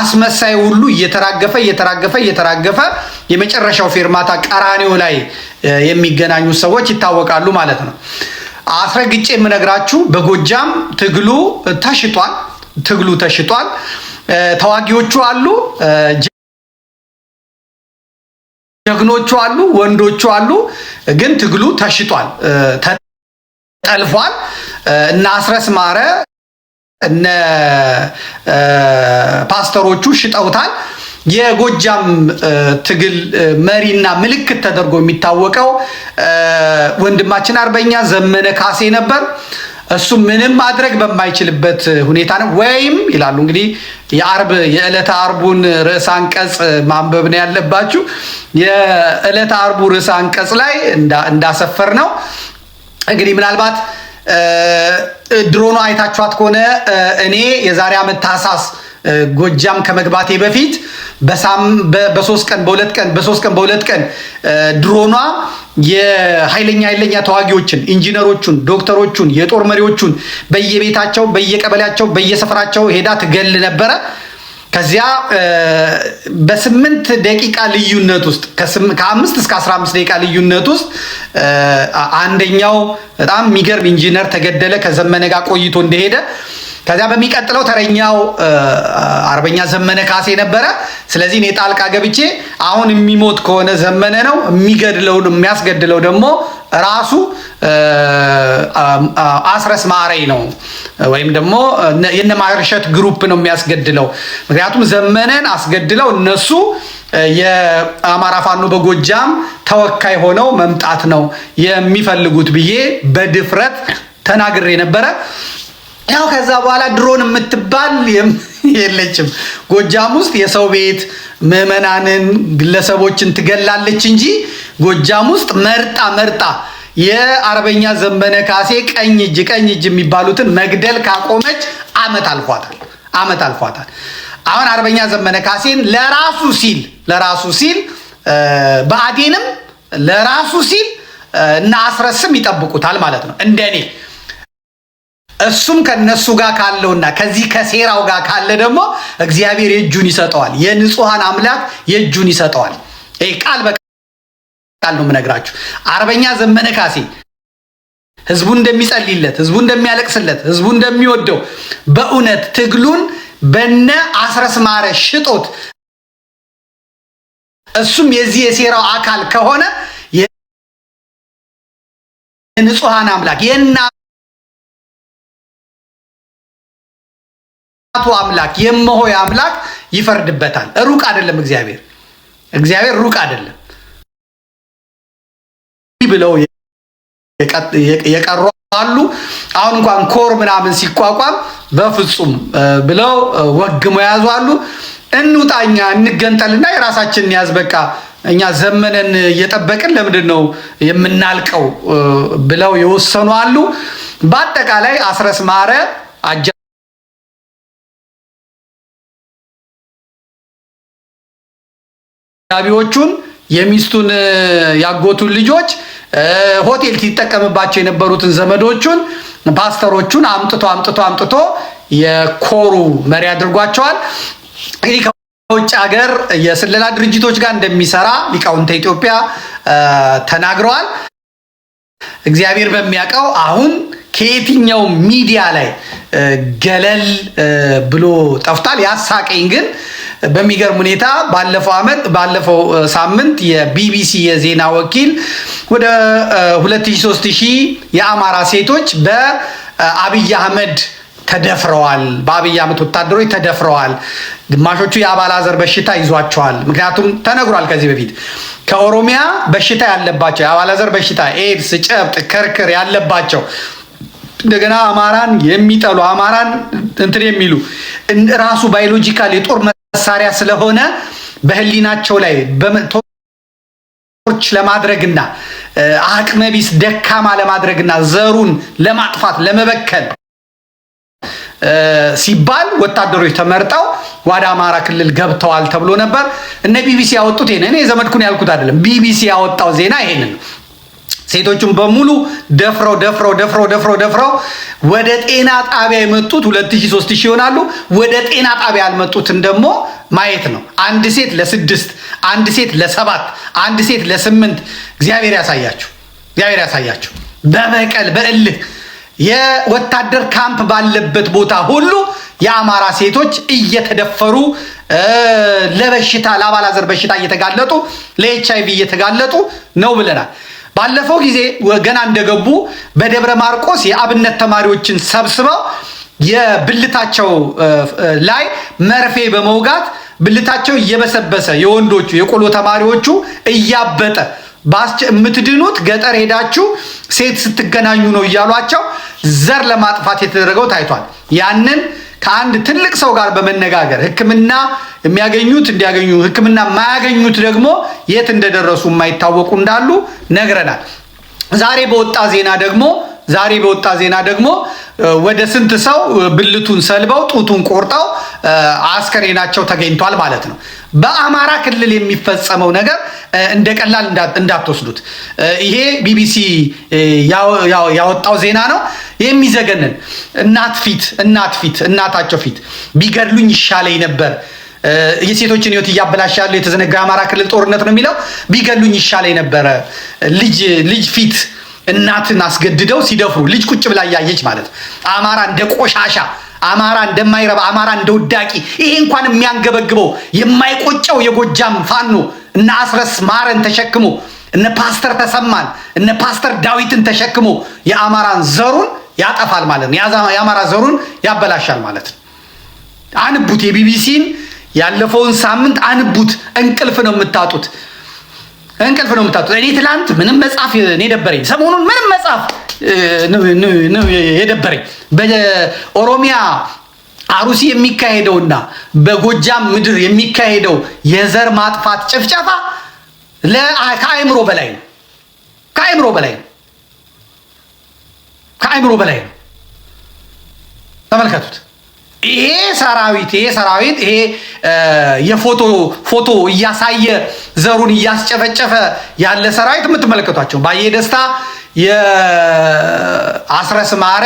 አስመሳይ ሁሉ እየተራገፈ እየተራገፈ እየተራገፈ የመጨረሻው ፌርማታ ቀራኔው ላይ የሚገናኙ ሰዎች ይታወቃሉ ማለት ነው። አስረግጬ የምነግራችሁ በጎጃም ትግሉ ተሽጧል። ትግሉ ተሽጧል። ተዋጊዎቹ አሉ፣ ጀግኖቹ አሉ፣ ወንዶቹ አሉ። ግን ትግሉ ተሽጧል፣ ተጠልፏል እና አስረስ ማረ እነ ፓስተሮቹ ሽጠውታል። የጎጃም ትግል መሪና ምልክት ተደርጎ የሚታወቀው ወንድማችን አርበኛ ዘመነ ካሴ ነበር። እሱ ምንም ማድረግ በማይችልበት ሁኔታ ነው። ወይም ይላሉ እንግዲህ የአርብ የዕለተ አርቡን ርዕስ አንቀጽ ማንበብ ነው ያለባችሁ። የዕለተ አርቡ ርዕስ አንቀጽ ላይ እንዳሰፈር ነው እንግዲህ ምናልባት ድሮኗ አይታችኋት ከሆነ እኔ የዛሬ ዓመት ታህሳስ ጎጃም ከመግባቴ በፊት በሶስት ቀን በሁለት ቀን በሶስት ቀን በሁለት ቀን ድሮኗ የኃይለኛ ኃይለኛ ተዋጊዎችን፣ ኢንጂነሮቹን፣ ዶክተሮቹን፣ የጦር መሪዎቹን በየቤታቸው፣ በየቀበሌያቸው፣ በየሰፈራቸው ሄዳ ትገል ነበረ። ከዚያ በስምንት ደቂቃ ልዩነት ውስጥ ከአምስት እስከ አስራ አምስት ደቂቃ ልዩነት ውስጥ አንደኛው በጣም የሚገርም ኢንጂነር ተገደለ ከዘመነ ጋር ቆይቶ እንደሄደ ከዚያ በሚቀጥለው ተረኛው አርበኛ ዘመነ ካሴ ነበረ። ስለዚህ እኔ ጣልቃ ገብቼ አሁን የሚሞት ከሆነ ዘመነ ነው የሚገድለው የሚያስገድለው ደግሞ ራሱ አስረስ ማረይ ነው ወይም ደግሞ የነ ማርሸት ግሩፕ ነው የሚያስገድለው። ምክንያቱም ዘመነን አስገድለው እነሱ የአማራ ፋኖ በጎጃም ተወካይ ሆነው መምጣት ነው የሚፈልጉት ብዬ በድፍረት ተናግሬ ነበረ። ያው ከዛ በኋላ ድሮን የምትባል የለችም ጎጃም ውስጥ የሰው ቤት ምዕመናንን ግለሰቦችን ትገላለች እንጂ ጎጃም ውስጥ መርጣ መርጣ የአርበኛ ዘመነ ካሴ ቀኝ እጅ ቀኝ እጅ የሚባሉትን መግደል ካቆመች አመት አልፏታል። አመት አልፏታል። አሁን አርበኛ ዘመነ ካሴን ለራሱ ሲል ለራሱ ሲል በአዴንም ለራሱ ሲል እና አስረስም ይጠብቁታል ማለት ነው እንደኔ እሱም ከነሱ ጋር ካለውና ከዚህ ከሴራው ጋር ካለ ደግሞ እግዚአብሔር የእጁን ይሰጠዋል። የንጹሐን አምላክ የእጁን ይሰጠዋል። ይህ ቃል ቃል ነው የምነግራችሁ። አርበኛ ዘመነ ካሴ ህዝቡ እንደሚጸልይለት፣ ህዝቡ እንደሚያለቅስለት፣ ህዝቡ እንደሚወደው በእውነት ትግሉን በነ አስረስ ማረ ሽጦት እሱም የዚህ የሴራው አካል ከሆነ የንጹሐን አምላክ የእናቱ አምላክ የመሆይ አምላክ ይፈርድበታል። ሩቅ አይደለም እግዚአብሔር። እግዚአብሔር ሩቅ አይደለም። ብለው የቀሩ አሉ። አሁን እንኳን ኮር ምናምን ሲቋቋም በፍጹም ብለው ወግመው የያዙ አሉ። እንውጣኛ እንገንጠልና የራሳችንን ያዝ በቃ እኛ ዘመነን እየጠበቅን ለምንድን ነው የምናልቀው ብለው የወሰኑ አሉ። በአጠቃላይ አስረስ ማረ አጃቢዎቹን የሚስቱን ያጎቱን ልጆች ሆቴል ሲጠቀምባቸው የነበሩትን ዘመዶቹን ፓስተሮቹን አምጥቶ አምጥቶ አምጥቶ የኮሩ መሪ አድርጓቸዋል። እንግዲህ ከውጭ ሀገር የስለላ ድርጅቶች ጋር እንደሚሰራ ሊቃውንተ ኢትዮጵያ ተናግረዋል። እግዚአብሔር በሚያውቀው አሁን ከየትኛው ሚዲያ ላይ ገለል ብሎ ጠፍቷል። ያሳቀኝ ግን በሚገርም ሁኔታ ባለፈው ዓመት ባለፈው ሳምንት የቢቢሲ የዜና ወኪል ወደ 23000 የአማራ ሴቶች በአብይ አህመድ ተደፍረዋል በአብይ አህመድ ወታደሮች ተደፍረዋል። ግማሾቹ የአባላዘር በሽታ ይዟቸዋል። ምክንያቱም ተነግሯል ከዚህ በፊት ከኦሮሚያ በሽታ ያለባቸው የአባላዘር በሽታ ኤድስ፣ ጨብጥ፣ ክርክር ያለባቸው እንደገና አማራን የሚጠሉ አማራን እንትን የሚሉ ራሱ ባዮሎጂካል የጦር መሳሪያ ስለሆነ በህሊናቸው ላይ ቶርች ለማድረግና አቅመቢስ ደካማ ለማድረግና ዘሩን ለማጥፋት ለመበከል ሲባል ወታደሮች ተመርጠው ወደ አማራ ክልል ገብተዋል ተብሎ ነበር። እነ ቢቢሲ ያወጡት ይሄንን እኔ ዘመድኩን ያልኩት አይደለም። ቢቢሲ ያወጣው ዜና ይሄንን ነው። ሴቶቹን በሙሉ ደፍረው ደፍረው ደፍረው ደፍረው ደፍረው ወደ ጤና ጣቢያ የመጡት ሁለት ሺህ ይሆናሉ። ወደ ጤና ጣቢያ ያልመጡትን ደግሞ ማየት ነው። አንድ ሴት ለስድስት አንድ ሴት ለሰባት አንድ ሴት ለስምንት እግዚአብሔር ያሳያችሁ፣ እግዚአብሔር ያሳያችሁ። በበቀል በእልህ የወታደር ካምፕ ባለበት ቦታ ሁሉ የአማራ ሴቶች እየተደፈሩ ለበሽታ ለአባላዘር በሽታ እየተጋለጡ ለኤች ቪ እየተጋለጡ ነው ብለናል። ባለፈው ጊዜ ገና እንደገቡ በደብረ ማርቆስ የአብነት ተማሪዎችን ሰብስበው የብልታቸው ላይ መርፌ በመውጋት ብልታቸው እየበሰበሰ የወንዶቹ የቆሎ ተማሪዎቹ እያበጠ የምትድኑት ገጠር ሄዳችሁ ሴት ስትገናኙ ነው እያሏቸው ዘር ለማጥፋት የተደረገው ታይቷል። ያንን ከአንድ ትልቅ ሰው ጋር በመነጋገር ሕክምና የሚያገኙት እንዲያገኙ ሕክምና የማያገኙት ደግሞ የት እንደደረሱ የማይታወቁ እንዳሉ ነግረናል። ዛሬ በወጣ ዜና ደግሞ ዛሬ በወጣ ዜና ደግሞ ወደ ስንት ሰው ብልቱን ሰልበው ጡቱን ቆርጠው አስከሬናቸው ተገኝቷል ማለት ነው። በአማራ ክልል የሚፈጸመው ነገር እንደ ቀላል እንዳትወስዱት። ይሄ ቢቢሲ ያወጣው ዜና ነው። የሚዘገንን እናት ፊት እናት ፊት እናታቸው ፊት ቢገድሉኝ ይሻለኝ ነበር የሴቶችን ህይወት እያበላሽ ያለው የተዘነጋ አማራ ክልል ጦርነት ነው የሚለው ቢገድሉኝ ይሻለኝ ነበረ። ልጅ ልጅ ፊት እናትን አስገድደው ሲደፍሩ ልጅ ቁጭ ብላ እያየች ማለት አማራ እንደ ቆሻሻ፣ አማራ እንደማይረባ፣ አማራ እንደ ውዳቂ ይሄ እንኳን የሚያንገበግበው የማይቆጨው የጎጃም ፋኖ እነ አስረስ ማረን ተሸክሞ እነ ፓስተር ተሰማን እነ ፓስተር ዳዊትን ተሸክሞ የአማራን ዘሩን ያጠፋል ማለት ነው። የአማራ ዘሩን ያበላሻል ማለት ነው። አንቡት፣ የቢቢሲን ያለፈውን ሳምንት አንቡት። እንቅልፍ ነው የምታጡት፣ እንቅልፍ ነው የምታጡት። እኔ ትላንት ምንም መጽሐፍ እኔ ደበረኝ፣ ሰሞኑን ምንም መጽሐፍ የደበረኝ በኦሮሚያ አሩሲ የሚካሄደውና በጎጃም ምድር የሚካሄደው የዘር ማጥፋት ጭፍጨፋ ከአእምሮ በላይ ነው። ከአእምሮ በላይ ነው። ከአእምሮ በላይ ነው። ተመልከቱት። ይሄ ሰራዊት ይሄ ሰራዊት ይሄ የፎቶ ፎቶ እያሳየ ዘሩን እያስጨፈጨፈ ያለ ሰራዊት የምትመለከቷቸው ባየ ደስታ የአስረስ ማረ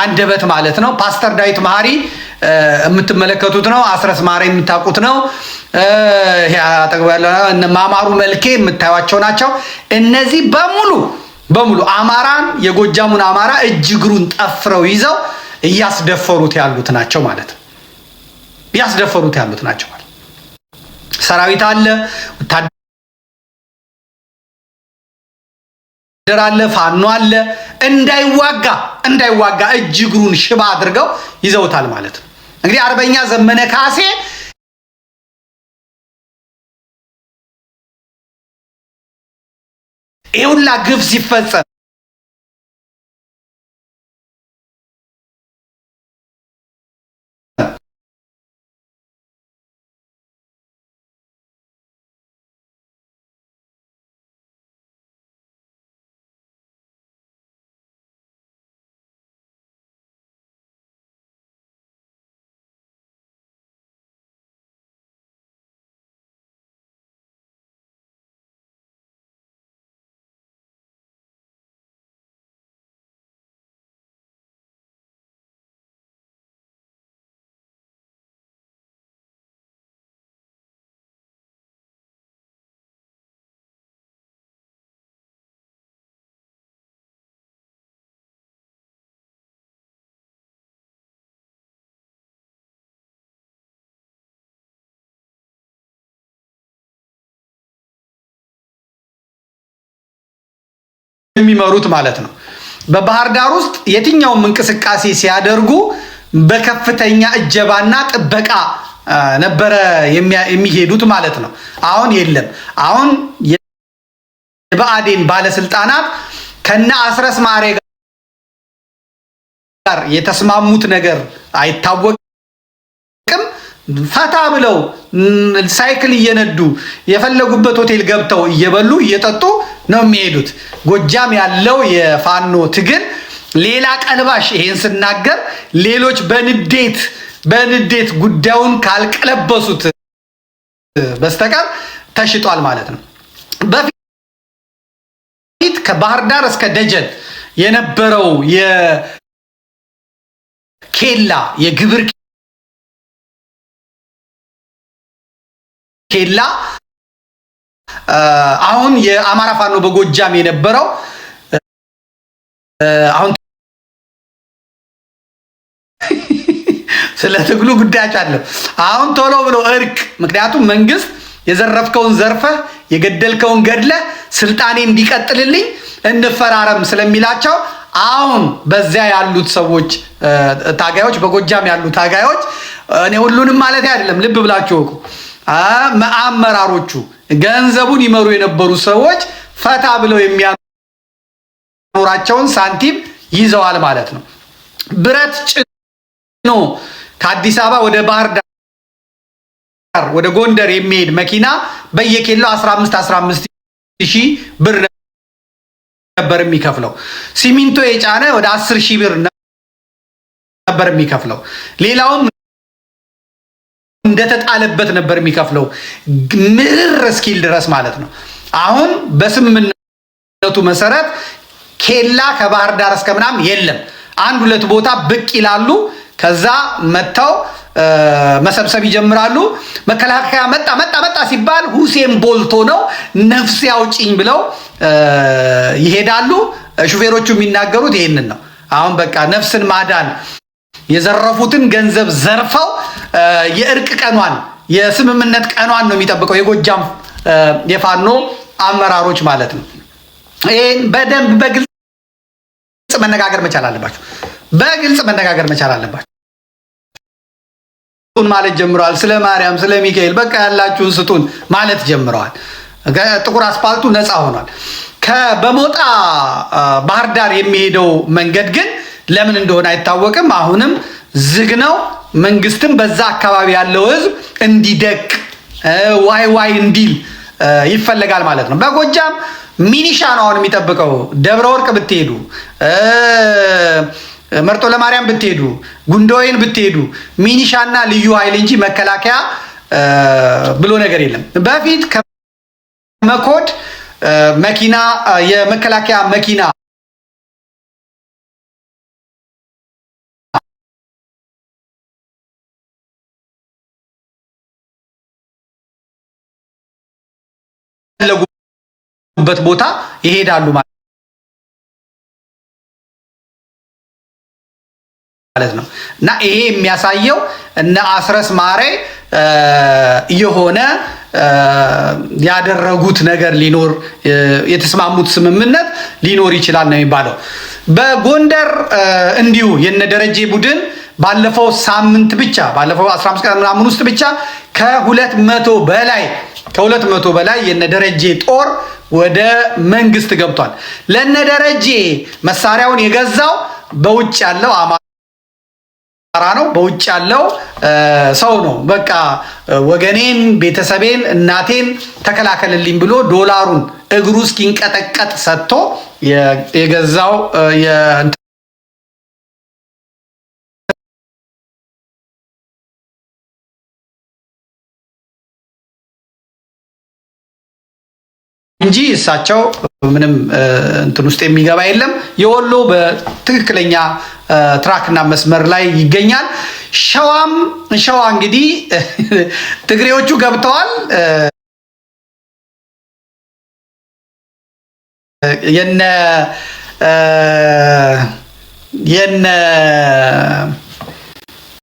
አንደበት ማለት ነው። ፓስተር ዳዊት መሀሪ የምትመለከቱት ነው። አስረስ ማሬ የምታውቁት ነው። ማማሩ መልኬ የምታዩቸው ናቸው። እነዚህ በሙሉ በሙሉ አማራን የጎጃሙን አማራ እጅ እግሩን ጠፍረው ይዘው እያስደፈሩት ያሉት ናቸው ማለት ነው። እያስደፈሩት ያሉት ናቸው ማለት ሰራዊት አለ፣ ወታደር አለ፣ ፋኖ አለ። እንዳይዋጋ እንዳይዋጋ እጅ እግሩን ሽባ አድርገው ይዘውታል ማለት ነው። እንግዲህ አርበኛ ዘመነ ካሴ ይውላ ግብ ሲፈጸም የሚመሩት ማለት ነው። በባህር ዳር ውስጥ የትኛውም እንቅስቃሴ ሲያደርጉ በከፍተኛ እጀባና ጥበቃ ነበረ የሚሄዱት ማለት ነው። አሁን የለም። አሁን የብአዴን ባለስልጣናት ከነ አስረስ ማሬ ጋር የተስማሙት ነገር አይታወቅም። ፈታ ብለው ሳይክል እየነዱ የፈለጉበት ሆቴል ገብተው እየበሉ እየጠጡ ነው የሚሄዱት። ጎጃም ያለው የፋኖ ትግል ሌላ ቀልባሽ። ይሄን ስናገር ሌሎች በንዴት በንዴት ጉዳዩን ካልቀለበሱት በስተቀር ተሽጧል ማለት ነው። በፊት ከባህር ዳር እስከ ደጀን የነበረው የኬላ የግብር ኬላ አሁን የአማራ ፋኖ በጎጃም የነበረው አሁን ስለ ትግሉ ጉዳያች አለው። አሁን ቶሎ ብሎ እርቅ፣ ምክንያቱም መንግስት የዘረፍከውን ዘርፈ የገደልከውን ገድለ ስልጣኔ እንዲቀጥልልኝ እንፈራረም ስለሚላቸው አሁን በዚያ ያሉት ሰዎች ታጋዮች፣ በጎጃም ያሉ ታጋዮች እኔ ሁሉንም ማለት አይደለም፣ ልብ ብላችሁ አመራሮቹ ገንዘቡን ይመሩ የነበሩ ሰዎች ፈታ ብለው የሚያኖራቸውን ሳንቲም ይዘዋል ማለት ነው። ብረት ጭኖ ከአዲስ አበባ ወደ ባህር ዳር ወደ ጎንደር የሚሄድ መኪና በየኬላው 15 15 ሺህ ብር ነበር የሚከፍለው። ሲሚንቶ የጫነ ወደ 10 ሺህ ብር ነበር የሚከፍለው። ሌላውም እንደተጣለበት ነበር የሚከፍለው ምርር እስኪል ድረስ ማለት ነው። አሁን በስምምነቱ መሰረት ኬላ ከባህር ዳር እስከ ምናምን የለም። አንድ ሁለት ቦታ ብቅ ይላሉ። ከዛ መጥተው መሰብሰብ ይጀምራሉ። መከላከያ መጣ መጣ መጣ ሲባል ሁሴን ቦልቶ ነው ነፍስ ያውጭኝ ብለው ይሄዳሉ። ሹፌሮቹ የሚናገሩት ይህንን ነው። አሁን በቃ ነፍስን ማዳን የዘረፉትን ገንዘብ ዘርፈው የእርቅ ቀኗን የስምምነት ቀኗን ነው የሚጠብቀው የጎጃም የፋኖ አመራሮች ማለት ነው። ይህን በደንብ በግልጽ መነጋገር መቻል አለባቸው። በግልጽ መነጋገር መቻል አለባቸው። ማለት ጀምረዋል። ስለ ማርያም፣ ስለ ሚካኤል በቃ ያላችሁን ስጡን ማለት ጀምረዋል። ጥቁር አስፓልቱ ነፃ ሆኗል። በሞጣ ባህር ዳር የሚሄደው መንገድ ግን ለምን እንደሆነ አይታወቅም። አሁንም ዝግ ነው። መንግስትም በዛ አካባቢ ያለው ህዝብ እንዲደቅ ዋይ ዋይ እንዲል ይፈለጋል ማለት ነው። በጎጃም ሚኒሻ ነው አሁን የሚጠብቀው። ደብረ ወርቅ ብትሄዱ፣ መርጦ ለማርያም ብትሄዱ፣ ጉንደወይን ብትሄዱ ሚኒሻና ልዩ ኃይል እንጂ መከላከያ ብሎ ነገር የለም። በፊት ከመኮድ መኪና የመከላከያ መኪና ወዳሉበት ቦታ ይሄዳሉ ማለት ነው እና ይሄ የሚያሳየው እነ አስረስ ማሬ የሆነ ያደረጉት ነገር ሊኖር የተስማሙት ስምምነት ሊኖር ይችላል ነው የሚባለው። በጎንደር እንዲሁ የነ ደረጀ ቡድን ባለፈው ሳምንት ብቻ ባለፈው 15 ቀን ምናምን ውስጥ ብቻ ከሁለት መቶ በላይ ከሁለት መቶ በላይ የነ ደረጀ ጦር ወደ መንግስት ገብቷል። ለነ ደረጀ መሳሪያውን የገዛው በውጭ ያለው አማራ ነው፣ በውጭ ያለው ሰው ነው። በቃ ወገኔን፣ ቤተሰቤን፣ እናቴን ተከላከልልኝ ብሎ ዶላሩን እግሩ እስኪንቀጠቀጥ ሰጥቶ የገዛው እንጂ እሳቸው ምንም እንትን ውስጥ የሚገባ የለም። የወሎ በትክክለኛ ትራክና መስመር ላይ ይገኛል። ሸዋም ሸዋ እንግዲህ ትግሬዎቹ ገብተዋል። የነ የነ